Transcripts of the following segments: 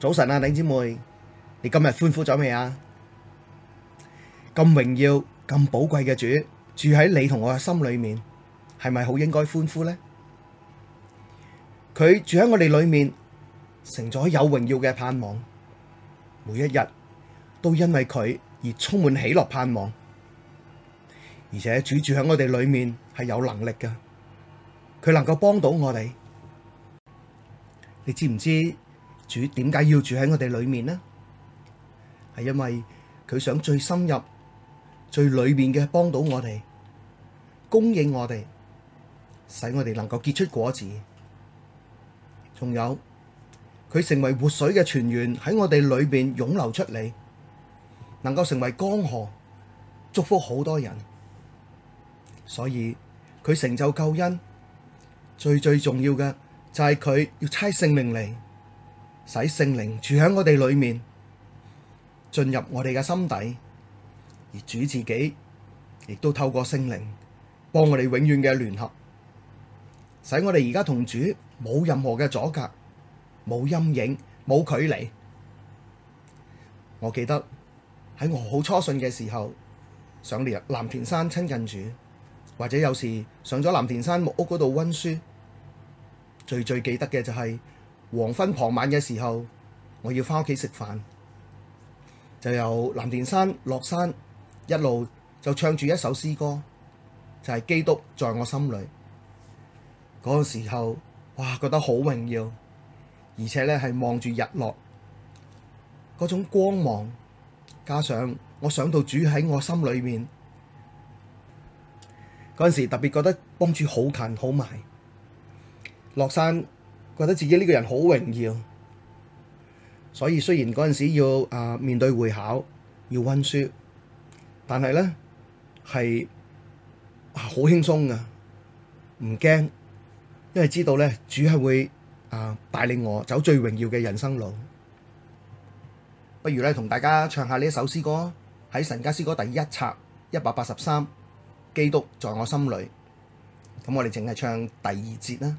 早晨啊，弟兄姊妹，你今日歡呼咗未啊？咁榮耀、咁寶貴嘅主住喺你同我嘅心裏面，係咪好應該歡呼呢？佢住喺我哋裏面，成咗有榮耀嘅盼望，每一日都因為佢而充滿喜樂盼望，而且主住喺我哋裏面係有能力嘅，佢能夠幫到我哋，你知唔知？主點解要住喺我哋裏面呢？係因為佢想最深入、最裏面嘅幫到我哋，供應我哋，使我哋能夠結出果子。仲有，佢成為活水嘅泉源喺我哋裏面湧流出嚟，能夠成為江河，祝福好多人。所以佢成就救恩最最重要嘅就係佢要捨性命嚟。使聖靈住喺我哋裏面，進入我哋嘅心底，而主自己亦都透過聖靈幫我哋永遠嘅聯合，使我哋而家同主冇任何嘅阻隔，冇陰影，冇距離。我記得喺我好初信嘅時候，上嚟藍田山親近主，或者有時上咗藍田山木屋嗰度溫書，最最記得嘅就係、是。黃昏傍晚嘅時候，我要返屋企食飯，就由藍田山落山，一路就唱住一首詩歌，就係基督在我心裡嗰個時候，哇覺得好榮耀，而且呢係望住日落嗰種光芒，加上我想到主喺我心裡面嗰陣時，特別覺得幫主好近好埋落山。覺得自己呢個人好榮耀，所以雖然嗰陣時要啊、呃、面對會考，要溫書，但係呢係好輕鬆噶，唔驚，因為知道呢，主係會啊、呃、帶領我走最榮耀嘅人生路。不如呢，同大家唱下呢一首詩歌喺神家詩歌第一冊一百八十三，3, 基督在我心裡，咁我哋淨係唱第二節啦。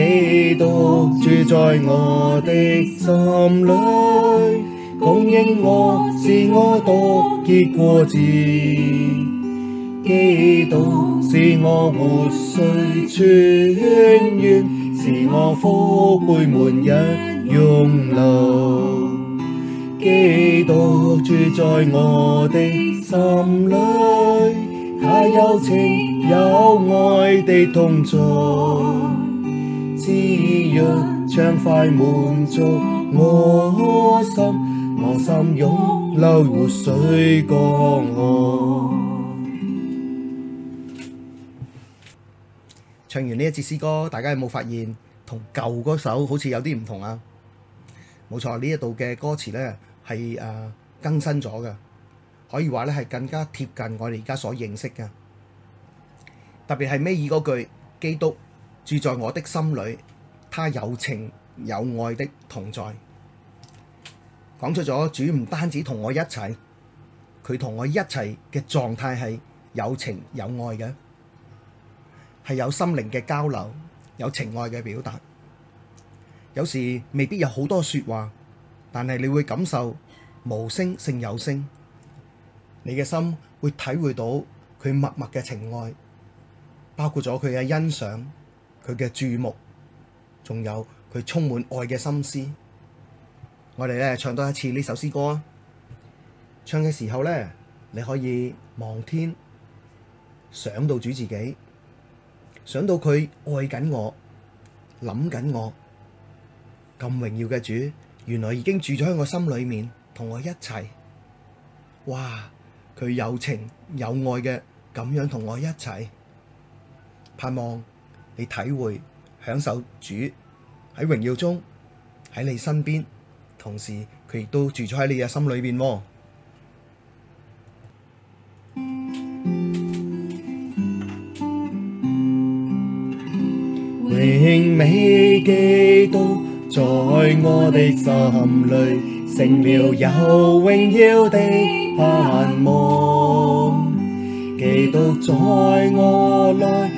基督住在我的心裡，供應我，使我多結果子。基督是我活水泉源，使我福杯滿溢、湧流。基督住在我的心裡，祂有情有愛的同在。滋潤暢快滿足我心，我心湧流活水江河。唱完呢一節詩歌，大家有冇發現同舊嗰首好似有啲唔同啊？冇錯，呢一度嘅歌詞呢係誒更新咗嘅，可以話呢係更加貼近我哋而家所認識嘅。特別係尾二嗰句基督。住在我的心裏，他有情有愛的同在，講出咗，主唔單止同我一齊，佢同我一齊嘅狀態係有情有愛嘅，係有心靈嘅交流，有情愛嘅表達。有時未必有好多說話，但係你會感受無聲勝有聲，你嘅心會體會到佢默默嘅情愛，包括咗佢嘅欣賞。佢嘅注目，仲有佢充滿愛嘅心思。我哋咧唱多一次呢首詩歌啊！唱嘅時候咧，你可以望天，想到主自己，想到佢愛緊我，諗緊我。咁榮耀嘅主，原來已經住咗喺我心裏面，同我一齊。哇！佢有情有愛嘅，咁樣同我一齊盼望。你體會享受主喺榮耀中喺你身邊，同時佢亦都住咗喺你嘅心裏邊。榮美基督在我的心裏成了有榮耀的盼望，基督在我內。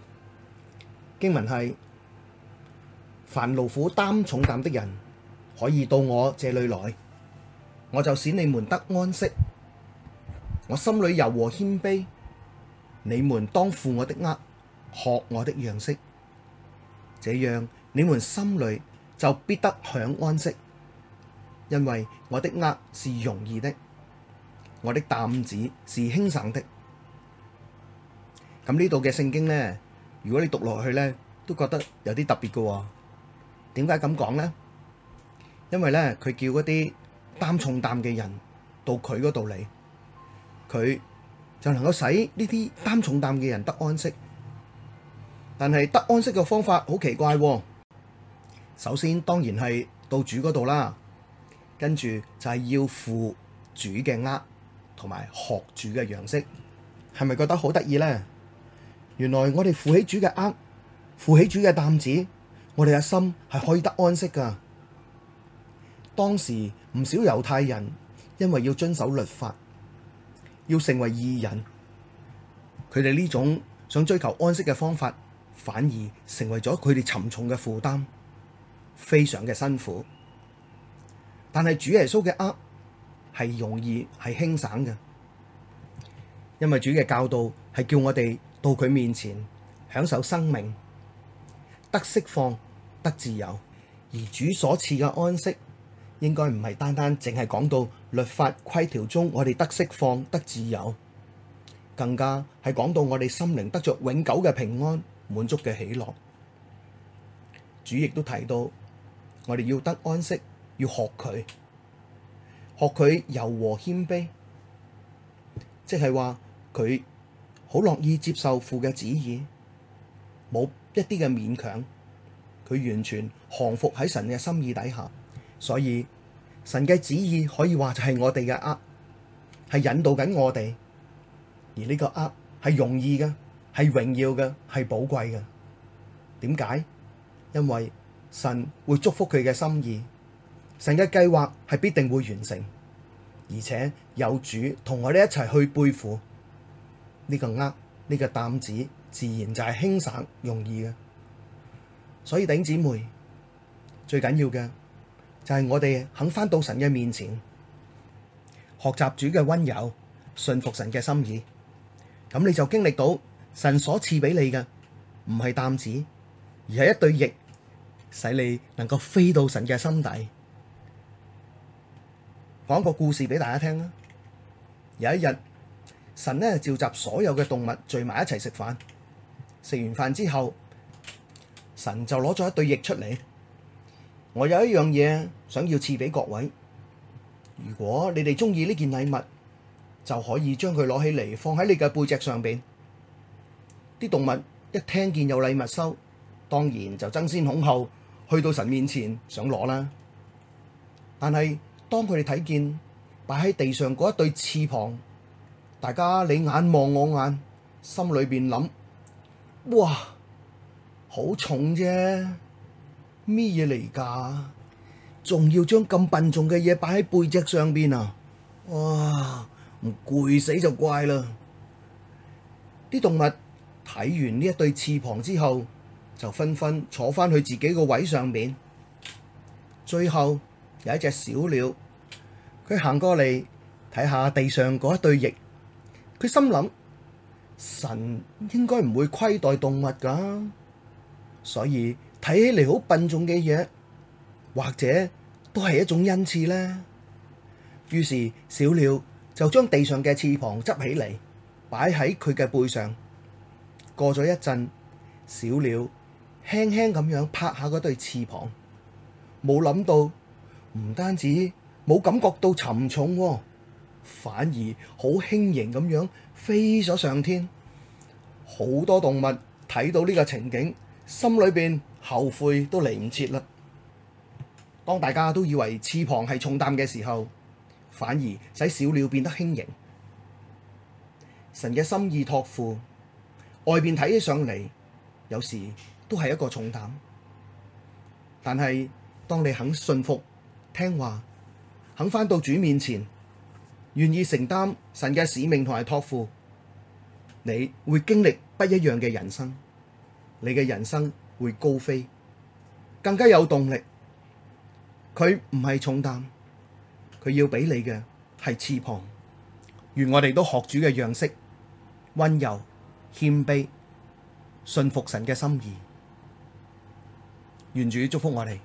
經文係：凡勞苦擔重擔的人，可以到我這裡來，我就使你們得安息。我心裡柔和謙卑，你們當負我的軛，學我的樣式，這樣你們心裡就必得享安息，因為我的軛是容易的，我的擔子是輕省的。咁呢度嘅聖經呢。如果你讀落去呢，都覺得有啲特別嘅喎。點解咁講呢？因為呢，佢叫嗰啲擔重擔嘅人到佢嗰度嚟，佢就能夠使呢啲擔重擔嘅人得安息。但係得安息嘅方法好奇怪喎。首先當然係到主嗰度啦，跟住就係要負主嘅軛，同埋學主嘅樣式，係咪覺得好得意呢？原來我哋負起主嘅軛，負起主嘅擔子，我哋嘅心係可以得安息噶。當時唔少猶太人因為要遵守律法，要成為義人，佢哋呢種想追求安息嘅方法，反而成為咗佢哋沉重嘅負擔，非常嘅辛苦。但係主耶穌嘅軛係容易，係輕省嘅，因為主嘅教導係叫我哋。到佢面前享受生命，得釋放得自由，而主所賜嘅安息，應該唔係單單淨係講到律法規條中，我哋得釋放得自由，更加係講到我哋心靈得着永久嘅平安滿足嘅喜樂。主亦都提到，我哋要得安息，要學佢，學佢柔和謙卑，即係話佢。好樂意接受父嘅旨意，冇一啲嘅勉強，佢完全降服喺神嘅心意底下，所以神嘅旨意可以話就係我哋嘅軛，係引導緊我哋，而呢個軛，係容易嘅，係榮耀嘅，係寶貴嘅。點解？因為神會祝福佢嘅心意，神嘅計劃係必定會完成，而且有主同我哋一齊去背負。呢個呃呢個擔子自然就係輕省容易嘅，所以弟兄姊妹最緊要嘅就係我哋肯返到神嘅面前，學習主嘅溫柔，信服神嘅心意，咁你就經歷到神所賜俾你嘅唔係擔子，而係一對翼，使你能夠飛到神嘅心底。講個故事俾大家聽啦，有一日。神呢，召集所有嘅動物聚埋一齊食飯，食完飯之後，神就攞咗一對翼出嚟。我有一樣嘢想要賜俾各位，如果你哋中意呢件禮物，就可以將佢攞起嚟放喺你嘅背脊上邊。啲動物一聽見有禮物收，當然就爭先恐後去到神面前想攞啦。但係當佢哋睇見擺喺地上嗰一對翅膀，大家你眼望我眼，心裏邊諗：「哇，好重啫！咩嘢嚟㗎？仲要將咁笨重嘅嘢擺喺背脊上邊啊！哇，唔攰死就怪啦！」啲動物睇完呢一對翅膀之後，就紛紛坐翻去自己個位上面。最後有一隻小鳥，佢行過嚟睇下地上嗰一對翼。佢心諗，神應該唔會虧待動物噶，所以睇起嚟好笨重嘅嘢，或者都係一種恩賜呢。於是小鳥就將地上嘅翅膀執起嚟，擺喺佢嘅背上。過咗一陣，小鳥輕輕咁樣拍下嗰對翅膀，冇諗到，唔單止冇感覺到沉重喎、哦。反而好輕盈咁樣飛咗上天，好多動物睇到呢個情景，心裏邊後悔都嚟唔切啦。當大家都以為翅膀係重擔嘅時候，反而使小鳥變得輕盈。神嘅心意托付，外邊睇起上嚟有時都係一個重擔，但係當你肯信服聽話，肯返到主面前。願意承擔神嘅使命同埋託付，你會經歷不一樣嘅人生，你嘅人生會高飛，更加有動力。佢唔係重擔，佢要俾你嘅係翅膀。願我哋都學主嘅樣式，溫柔謙卑，信服神嘅心意。願主祝福我哋。